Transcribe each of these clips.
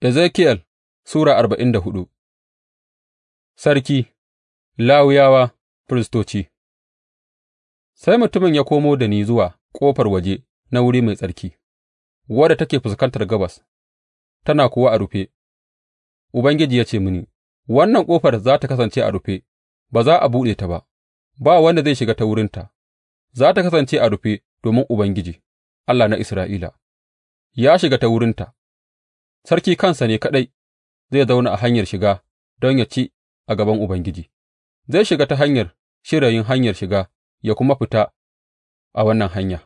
Ezekiyel Sura arba'in da hudu Sarki, lawuyawa Firistoci Sai mutumin ya komo da ni zuwa ƙofar waje na wuri mai tsarki, wadda take fuskantar gabas, tana kuwa a rufe, Ubangiji ya ce mini, Wannan ƙofar za ta kasance a rufe, ba za a buɗe ta ba, ba wanda zai shiga ta wurinta, za ta kasance a rufe domin Ubangiji, Allah na Isra'ila, ya shiga ta wurinta. sarki kansa ne kaɗai zai zauna a hanyar shiga don ya ci a gaban Ubangiji, zai shiga ta hanyar shirayin hanyar shiga ya kuma fita a wannan hanya.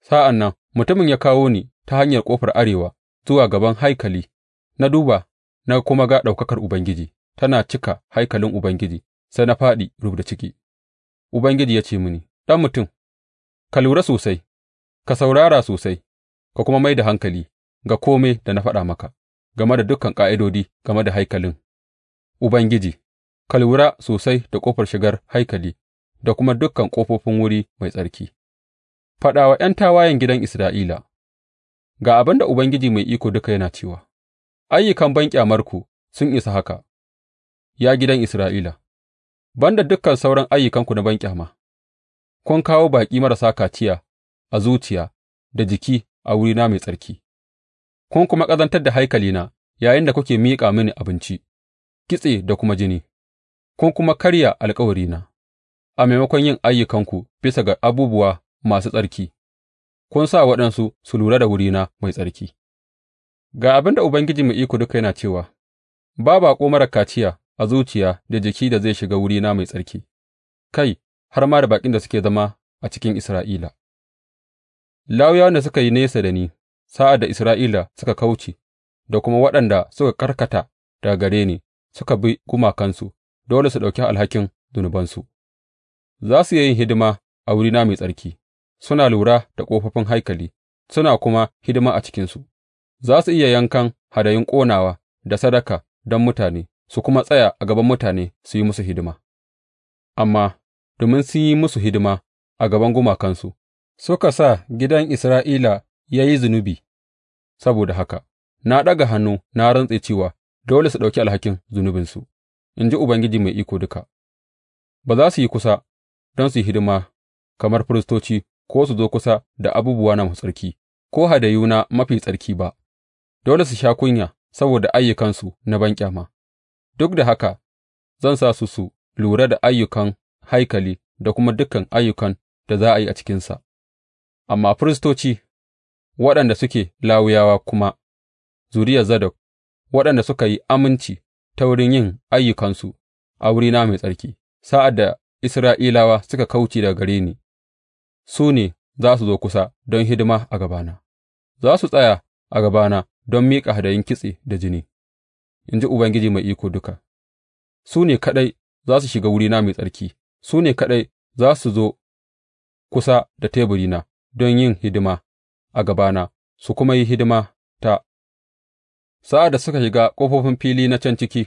Sa'an nan mutumin ya kawo ni ta hanyar ƙofar arewa zuwa gaban haikali, na duba na kuma ga ɗaukakar Ubangiji tana cika haikalin Ubangiji, sai na faɗi fāɗi da ciki. Ubangiji ya ce mini, Ɗan mutum, ka lura sosai, ka saurara sosai, ka kuma mai da hankali, ga kome da na faɗa maka game da dukan ƙa'idodi game da haikalin Ubangiji, ka lura sosai da ƙofar shigar haikali da kuma dukan ƙofofin wuri mai tsarki, faɗa wa ’yan tawayen gidan Isra'ila, Ga abin da Ubangiji Mai Iko Duka yana cewa, Ayyukan banƙyamarku sun isa haka, ya gidan Isra'ila, ban da dukan sauran ayyukanku na banƙyama, kun kawo baƙi marasa kaciya a zuciya da jiki a wurina mai tsarki, kun kuma ƙazantar da haikalina yayinda kuke miƙa mini abinci, kitse da kuma jini, kun kuma karya alkawarina, a maimakon yin ayyukanku bisa ga abubuwa masu tsarki, kun sa waɗansu su lura da wurina mai tsarki. Ga abin da Ubangiji Mai Iko Duka yana cewa, Ba baƙo marar kaciya a zuciya da jiki da zai shiga wurina mai tsarki, kai, har ma da baƙin da suke zama a cikin Isra'ila. Lauyawan da suka yi nesa da ni sa'ad da Isra'ila suka kauce da kuma waɗanda suka karkata daga gare ni suka bi gumakansu, dole su ɗauki alhakin zunubansu; za su iya yin hidima a wurina mai tsarki, suna lura da ƙofofin haikali suna kuma hidima a cikinsu; za su iya yankan hadayun ƙonawa da sadaka don mutane su kuma tsaya a gaban mutane su yi musu hidima, amma domin sun yi musu hidima a gaban gumakansu, suka sa gidan Isra'ila ya yi zunubi, saboda haka na ɗaga hannu na rantse cewa dole su ɗauki alhakin zunubinsu, in ji Ubangiji Mai Iko Duka, ba za su yi kusa don su yi hidima kamar firistoci ko su zo kusa da abubuwa na tsarki ko hadayuna mafi tsarki ba, dole su sha kunya saboda ayyukansu na banƙyama, duk da haka zan sa su su lura da ayyukan haikali da kuma dukan ayyukan da za a yi a cikinsa, amma firistoci waɗanda suke Lawiyawa kuma zuriyar Zadok, waɗanda suka yi aminci ta wurin yin ayyukansu a wurina mai tsarki, sa'ad da Isra'ilawa suka kauce daga gare ni, su ne za su zo kusa don hidima a gabana, za su tsaya a gabana don miƙa hadayin kitse da jini, in ji Ubangiji Mai Iko Duka, su ne kaɗai za su shiga wurina mai tsarki, su ne kaɗai za su zo kusa da teburina don yin hidima a gabana su kuma yi hidima ta, sa'ad da suka shiga ƙofofin fili na can ciki,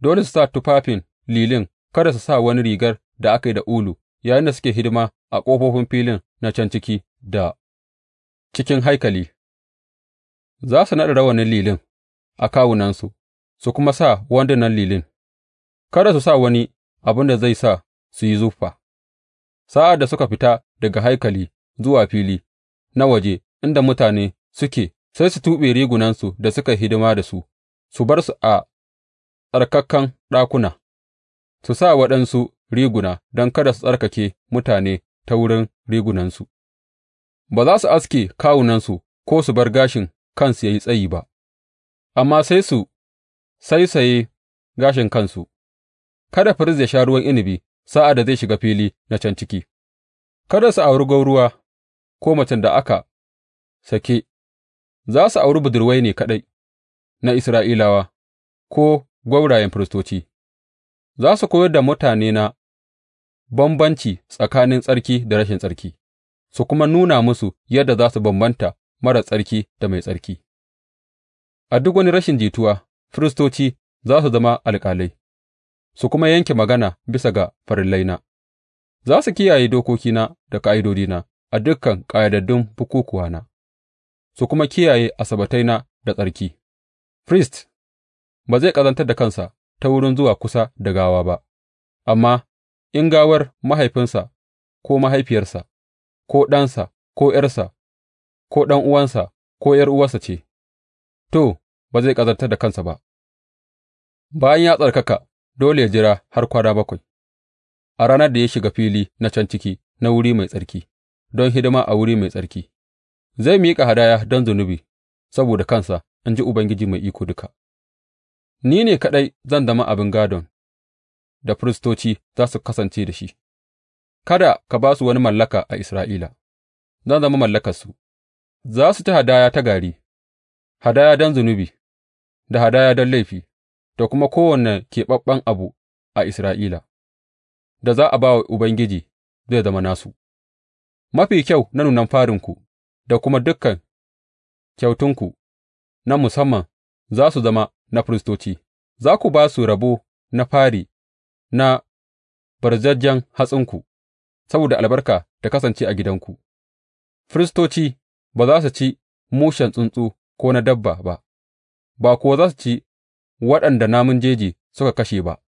dole su sa tufafin lilin, kada su sa wani rigar da aka yi da ulu, yayin da suke hidima a ƙofofin filin na can ciki da cikin haikali, za su naɗa rawanin lilin a kawunansu, su kuma sa wandunan lilin, kada su sa wani abin da zai sa su yi zuffa. Sa'ad da suka fita daga haikali zuwa fili na waje, inda mutane suke sai su tuɓe rigunansu da suka yi hidima da su, su bar su a tsarkakan ɗakuna, su sa waɗansu riguna don kada su tsarkake mutane ta wurin rigunansu, ba za su aske kawunansu ko su bar gashin kansu ya yi tsayi ba, amma sai su saisaye gashin kansu, kada firist ya sha ruwan inabi sa'ad da zai shiga fili na can ciki, kada su auri gwauruwa ko macen da aka sake, za su auri budurwai ne kaɗai na Isra'ilawa ko gwaurayen firistoci, za su koyar da mutanena bambanci tsakanin tsarki da rashin tsarki, su kuma nuna musu yadda za su bambanta mara tsarki da mai tsarki. A duk wani rashin jituwa, firistoci za su zama alƙalai, su kuma yanke magana bisa ga farillaina, za su kiyaye dokokina da ƙa'idodina a dukan ƙayyadaddun bukukuwana. su kuma kiyaye Asabbataina da tsarki; firist ba zai ƙazantar da kansa ta wurin zuwa kusa da gawa ba, amma in gawar mahaifinsa ko mahaifiyarsa, ko ɗansa ko ’yarsa, ko ɗan'uwansa ko uwarsa ce, to, ba zai ƙazantar da kansa ba, bayan ya tsarkaka, dole ya jira har kwana bakwai a ranar da ya shiga fili na can ciki na wuri mai tsarki don hidima a wuri mai tsarki. Zai miƙa hadaya don zunubi saboda kansa, in ji Ubangiji Mai Iko Duka, ni ne kaɗai zan zama abin gādon da firistoci za su kasance da shi; kada ka ba su wani mallaka a Isra'ila, zan zama mallakarsu, za su ci hadaya ta gari, hadaya don zunubi, da hadaya don laifi, da kuma kowane keɓaɓɓen abu a Isra'ila, da za a ba wa Ubangiji zai zama nasu, mafi kyau na nunan farinku. da kuma dukan kyautunku na musamman za su zama na firistoci, za ku ba su rabo na fari na barzajjen hatsinku, saboda albarka ta kasance a gidanku, firistoci ba za su ci mushen tsuntsu ko na dabba ba, ba kuwa za su ci waɗanda namun jeji suka kashe ba.